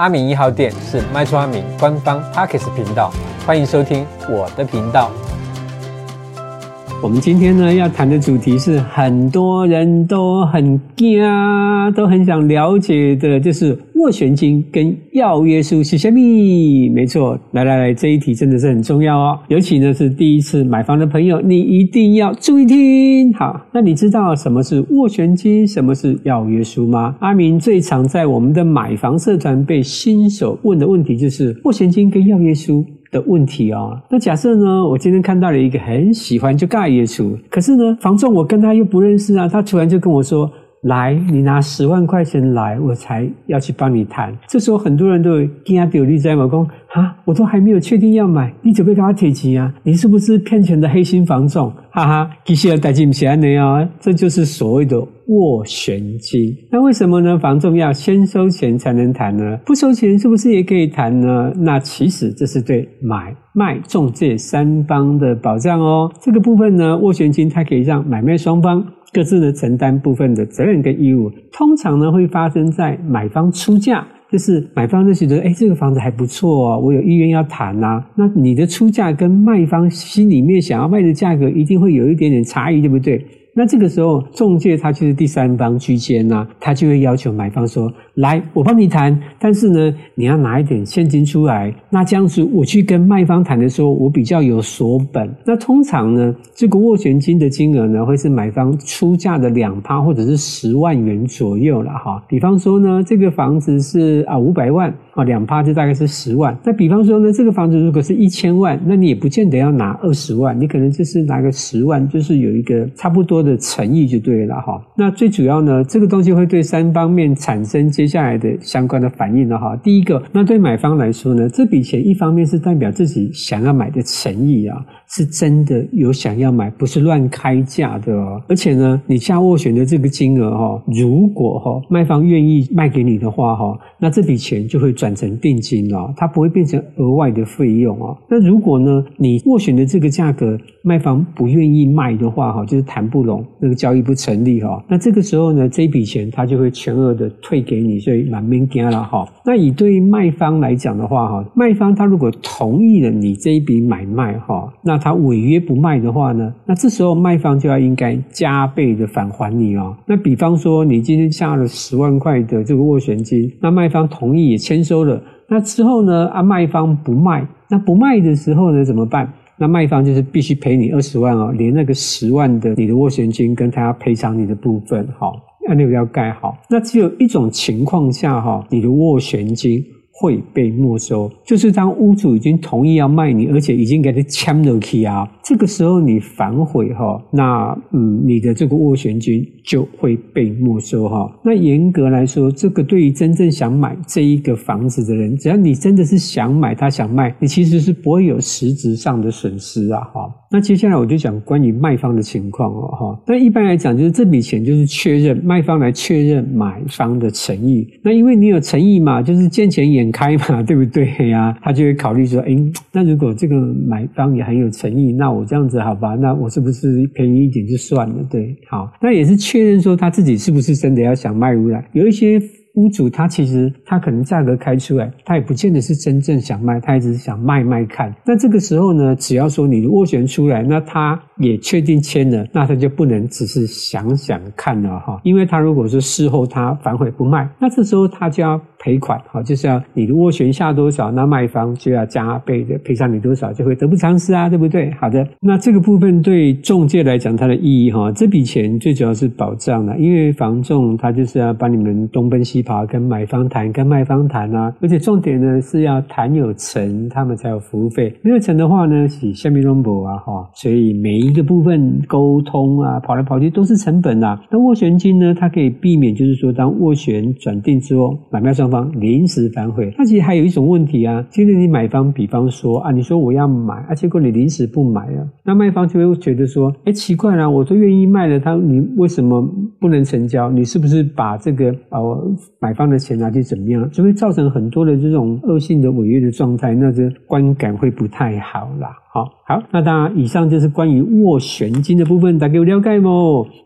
阿明一號店是買厝阿明官方 Podcast 頻道，歡迎收聽我的頻道。我們今天呢要談的主題是很多人都很驚訝，都很想了解的，就是斡旋金跟要約書是什麼？沒錯，來來來，這一題真的是很重要哦。尤其呢是第一次買房的朋友，你一定要注意聽。好，那你知道什麼是斡旋金，什麼是要約書嗎？阿明最常在我們的買房社團被新手問的問題就是斡旋金跟要約書的問題哦，那假設呢？我今天看到了一個很喜歡就蓋業主，可是呢，房仲我跟他又不認識啊，他突然就跟我說：“來，你拿十萬塊錢來，我才要去幫你談。”這時候很多人都有驚掉立在嘛，講啊，我都還沒有確定要買，你準備給他提及啊？你是不是騙錢的黑心房仲？哈哈，其實大金唔寫你哦，這就是所謂的。斡旋金，那為什麼呢？房仲要先收錢才能談呢？不收錢是不是也可以談呢？那其實這是對買賣中介三方的保障哦。這個部分呢，斡旋金它可以讓買賣雙方各自呢承擔部分的責任跟義務。通常呢，會發生在買方出價，就是買方就覺得，哎，這個房子還不錯哦，我有意願要談吶啊。那你的出價跟賣方心裡面想要賣的價格一定會有一點點差異，對不對？那這個時候，仲介他就是第三方居間呢、啊，他就會要求買方說：“來，我幫你談，但是呢，你要拿一點現金出來。”那這樣子，我去跟賣方談的時候，我比較有所本。那通常呢，這個斡旋金的金額呢，會是買方出價的兩趴，或者是十萬元左右了哈。比方說呢，這個房子是啊五百萬啊，兩趴就大概是十萬。那比方說呢，這個房子如果是一千萬，那你也不見得要拿二十萬，你可能就是拿個十萬，就是有一個差不多的誠意就對了哈。那最主要呢，這個東西會對三方面產生接下來的相關的反應的哈。第一個，那對買方來說呢，這筆錢一方面是代表自己想要買的誠意啊。是真的有想要買，不是亂開價的哦。而且呢，你下斡旋的這個金額哈、哦，如果哈、哦、賣方願意賣給你的話哈、哦，那這筆錢就會轉成定金哦，它不會變成額外的費用哦。那如果呢，你斡旋的這個價格賣方不願意賣的話哈、哦，就是談不攏，那個交易不成立哈、哦。那這個時候呢，這筆錢他就會全額的退給你，所以蠻敏感了哈。那以對於賣方來講的話哈，賣方他如果同意了你這一筆買賣哈，那他違約不賣的話呢，那這時候賣方就要應該加倍的返還你哦。那比方說你今天下了十萬塊的這個斡旋金，那賣方同意也簽收了，那之後呢啊賣方不賣，那不賣的時候呢怎麼辦？那賣方就是必須賠你二十萬哦，連那個十萬的你的斡旋金跟他要賠償你的部分，好，按鈕要蓋好。那只有一種情況下哈，你的斡旋金。會被沒收，就是當屋主已經同意要賣你，而且已經給他簽了契啊，這個時候你反悔哈，那嗯，你的這個斡旋金就會被沒收哈。那嚴格來說，這個對於真正想買這一個房子的人，只要你真的是想買，他想賣，你其實是不會有實質上的損失啊哈。那接下來我就講關於賣方的情況哦哈。那一般來講，就是這筆錢就是確認賣方來確認買方的誠意，那因為你有誠意嘛，就是見錢眼開嘛，對不對呀？他就會考慮說：“誒，那如果這個買方也很有誠意，那我這樣子好吧？那我是不是便宜一點就算了？對，好，那也是確認說他自己是不是真的要想賣屋來。有一些屋主，他其實他可能價格開出來，他也不見得是真正想賣，他也只是想賣賣看。那這個時候呢，只要說你斡旋出來，那他也確定簽了，那他就不能只是想想看了哈，因為他如果說事後他反悔不賣，那這時候他就要。”賠款，哈，就是要你的斡旋下多少，那賣方就要加倍的賠償你多少，就會得不償失啊，對不對？好的，那這個部分對中介來講，它的意義哈，這筆錢最主要是保障啦，因為房仲他就是要幫你們東奔西跑，跟買方談、跟賣方談啊，而且重點呢是要談有成，他們才有服務費，沒有成的話呢，是下面中博啊，哈，所以每一個部分溝通啊，跑來跑去都是成本吶、啊。那斡旋金呢，它可以避免，就是說當斡旋轉定之後，買賣雙方。臨時反悔，那其實還有一種問題啊。今天你買方，比方說啊，你說我要買，啊，結果你臨時不買啊，那賣方就會覺得說，哎，奇怪了、啊，我都願意賣了，他你為什麼不能成交？你是不是把這個哦買方的錢拿去怎麼樣？就會造成很多的這種惡性的違約的狀態，那這個、觀感會不太好啦。好好，那當然，以上就是關於斡旋金的部分，大家有了解嗎？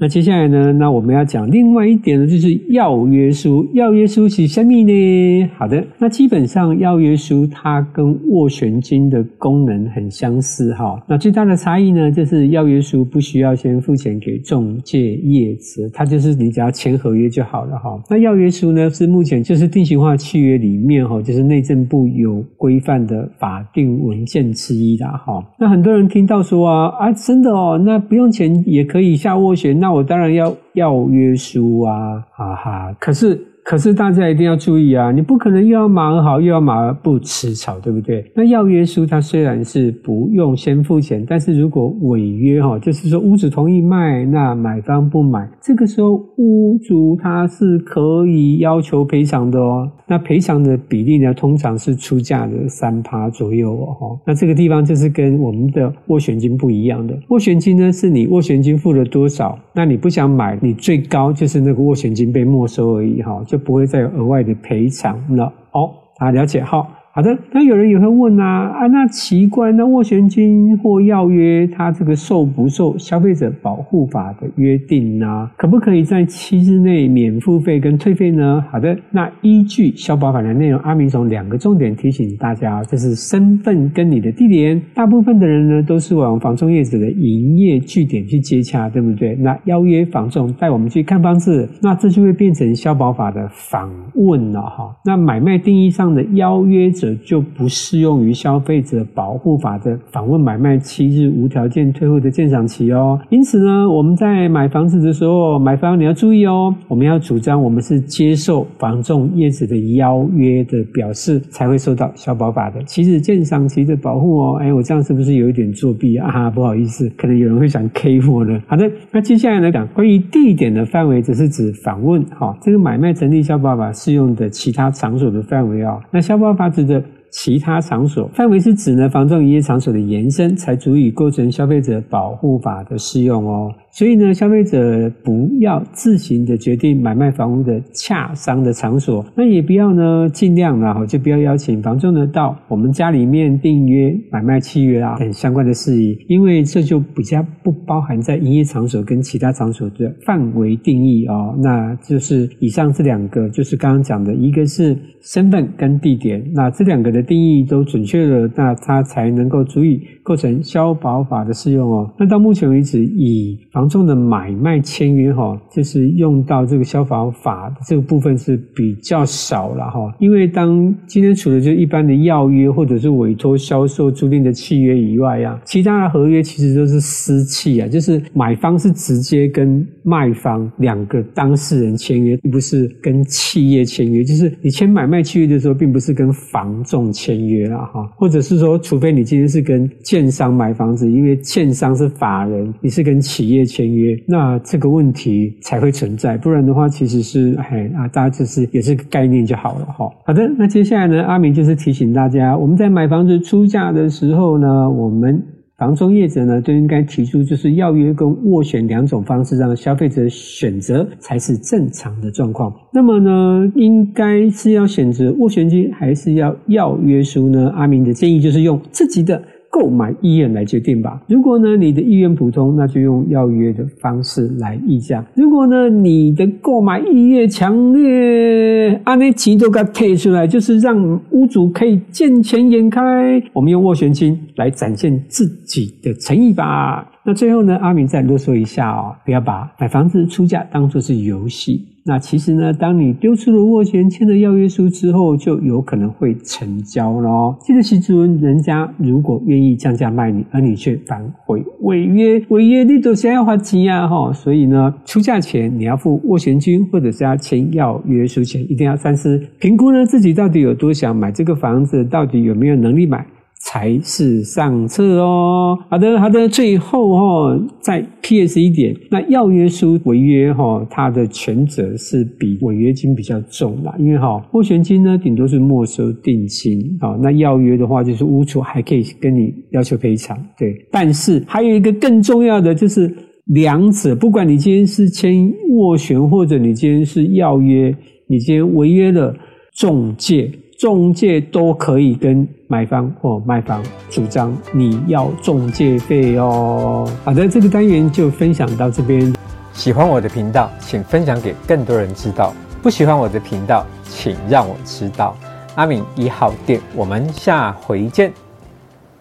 那接下來呢，那我們要講另外一點呢，就是要約書。要約書是蝦米呢？好的，那基本上要約書它跟斡旋金的功能很相似哈。那最大的差異呢，就是要約書不需要先付錢給中介業者，它就是你只要簽合約就好了哈。那要約書呢，是目前就是定型化契約裡面哈，就是內政部有規範的法定文件之一的。哦，那很多人聽到說啊啊，真的哦？那不用錢也可以下斡旋，那我當然要要約書啊，哈、啊、哈，可是。可是大家一定要注意啊！你不可能又要馬兒好，又要馬兒不吃草，對不對？那要約書它雖然是不用先付錢，但是如果違約哈，就是說屋主同意賣，那買方不買，這個時候屋主他是可以要求賠償的哦。那賠償的比例呢，通常是出價的三趴左右哦。那這個地方就是跟我們的斡旋金不一樣的。斡旋金呢，是你斡旋金付了多少，那你不想買，你最高就是那個斡旋金被沒收而已哈，就。不會再有額外的賠償了哦，啊，了解，好。好的，那有人也會問啊，啊，那奇怪，那斡旋金或要約，它這個受不受消費者保護法的約定呢？可不可以在七日內免付費跟退費呢？好的，那依據消保法的內容，阿明從兩個重點提醒大家，這是身份跟你的地點。大部分的人呢都是往房仲業者的營業據點去接洽，對不對？那邀約房仲帶我們去看房子，那這就會變成消保法的訪問了哈。那買賣定義上的要約。者就不適用於消費者保護法的訪問買賣七日無條件退貨的鑑賞期哦。因此呢，我們在買房子的時候，買方你要注意哦，我們要主張我們是接受房仲業者的邀約的表示，才會受到消保法的七日鑑賞期的保護哦。哎，我這樣是不是有一點作弊啊？不好意思，可能有人會想 K 我呢。好的，那接下來來講關於地點的範圍，則是指訪問哈、哦，這個買賣成立消保法適用的其他場所的範圍哦。那消保法指其他場所範圍是指呢，房仲營業場所的延伸，才足以構成消費者保護法的適用哦。所以呢，消費者不要自行的決定買賣房屋的洽商的場所，那也不要呢，儘量啦，哈，就不要邀請房仲呢，到我們家裡面訂約、買賣契約啊等相關的事宜，因為這就比較不包含在營業場所跟其他場所的範圍定義哦。那就是以上這兩個，就是剛剛講的，一個是身份跟地點，那這兩個的定義都準確了，那它才能夠足以構成消保法的適用哦。那到目前為止，以房房仲的買賣簽約哈，就是用到這個消保法這個部分是比較少了哈。因為當今天除了就一般的要約或者是委託銷售、租賃的契約以外啊，其他的合約其實都是私契啊，就是買方是直接跟賣方兩個當事人簽約，並不是跟企業簽約。就是你簽買賣契約的時候，並不是跟房仲簽約啊哈，或者是說，除非你今天是跟建商買房子，因為建商是法人，你是跟企業簽約。簽約，那這個問題才會存在，不然的話，其實是哎啊，大家就是也是個概念就好了哈。好的，那接下來呢，阿明就是提醒大家，我們在買房子出價的時候呢，我們房仲業者呢都應該提出，就是要約跟斡旋兩種方式，讓消費者選擇才是正常的狀況。那麼呢，應該是要選擇斡旋金還是要要約書呢？阿明的建議就是用自己的購買意願來決定吧。如果呢，你的意願普通，那就用要約的方式來議價；如果呢，你的購買意願強烈，阿尼奇都給他退出來，就是讓屋主可以見錢眼開。我們用斡旋金來展現自己的誠意吧。那最後呢，阿明再囉嗦一下哦，不要把買房子出價當作是遊戲。那其實呢，當你丟出了斡旋、簽了要約書之後，就有可能會成交咯哦。記得記人家如果願意降價賣你，而你卻反悔、違約，違約你都先要罰金呀哈。所以呢，出價前你要付斡旋金，或者是要簽要約書前一定要三思，評估呢自己到底有多想買這個房子，到底有沒有能力買。才是上策哦。好的，好的。最後哈、哦，再 P.S. 一點，那要約書違約哈、哦，它的權責是比違約金比較重啦，因為哈、哦，斡旋金呢，頂多是沒收定金啊、哦。那要約的話，就是屋主還可以跟你要求賠償。對，但是還有一個更重要的，就是兩者，不管你今天是簽斡旋，或者你今天是要約，你今天違約了，仲介，仲介都可以跟買方或賣方主張你要仲介費哦。好的，這個單元就分享到這邊。喜歡我的頻道，請分享給更多人知道；不喜歡我的頻道，請讓我知道。阿明當家，我們下回見。